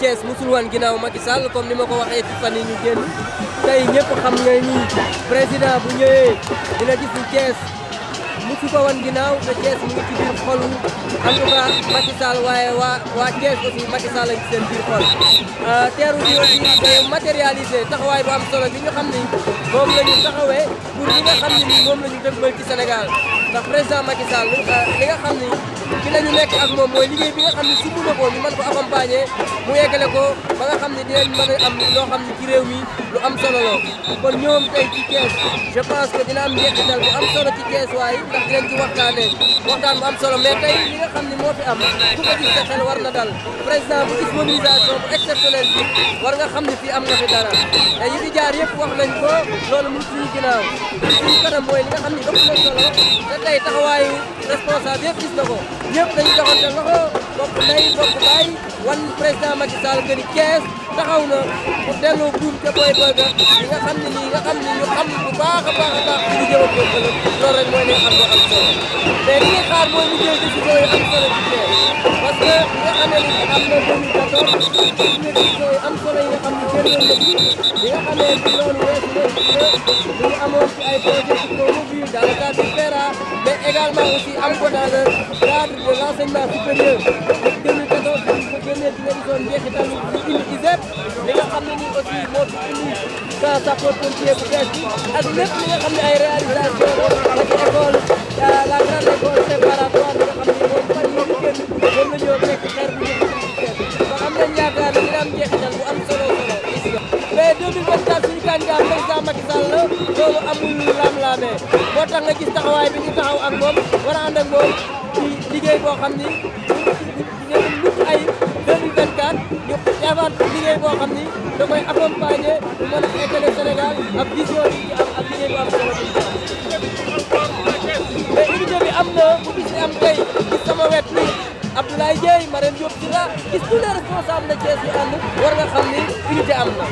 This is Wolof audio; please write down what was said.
Thiès musul woon ginnaaw Macky comme ni ma ko waxee ci fan ñu génn tey ñëpp xam nga ni président bu ñëwee dina gis ni Thiès musu ko woon ginnaaw te mu ci biir xolu en tout cas waaye waa waa Thiès aussi Macky Sall seen biir xol. Euh, teeru bi aussi day matérialiser taxawaay bu am solo bi ñu xam ni moom la ñu taxawee. li nga xam ne moom la ñu dëgmal ci Sénégal ndax président Macky Sall euh, li nga xam ni ci la ñu nekk ak moom mooy liggéey bi nga xam ne sumb na ko ñu mën ko accompagner mu yeggale ko ba nga xam ne dinañ mën a am loo xam ne ci réew mi lu am solo la kon ñoom tey ci Thiès je pense que dina am njeexital bu am solo ci Thiès waaye ndax dinañ ci waxtaanee waxtaan bu am solo mais tey li nga xam ne moo fi am ku ko gis sa war na dal président bu gis bu exceptionnelle kanam mooy li nga xam ne dafa mën solo te tey taxawaayu responsable yëpp gis na ko ñëpp dañu joxante loxo bokk ndey bokk baay wan président Macky Sall que taxaw na pour delloo buum ca booy booy ga nga xam ne nga xam ne xam bu baax a baax a baax ci lu jëm ak loolu rek mooy li nga xam ne am solo mais li ñuy xaar mooy ñu jël décision yu am solo ci Thiès nga amee li am na 2014 compétition yu am solo yi nga xam ne génnoon na ci li nga xamee ci loolu weesu na ñu amoon ci ay projet qui sont revenus dans le cadre du FERA mais également aussi am ko dans le cadre de l' enseignement supérieur 2014 bu génnee ci émission njeexital bu indi ISEP li nga xam ne nii aussi moo fi indi sans sapeur-pompier bu bees bi ak lépp li nga xam ne ay réalisation la ci école la grande école séparate candidat loolu amul lam-laamee moo tax nga gis taxawaay bi ñu taxaw ak moom war a ànd ak moom ci liggéey boo xam ni dinañ mucc ay 2024 ñu defaat liggéey boo xam ni da koy accompagner bu mën a étale Sénégal ak vision bi ñu am ak liggéey bu am solo mais unité bi am na bu gis am tey gis sama wet ni Abdoulaye Dieye Marème Diop Sylla gis tous les responsables de Thiès yi ànd war nga xam ni unité am na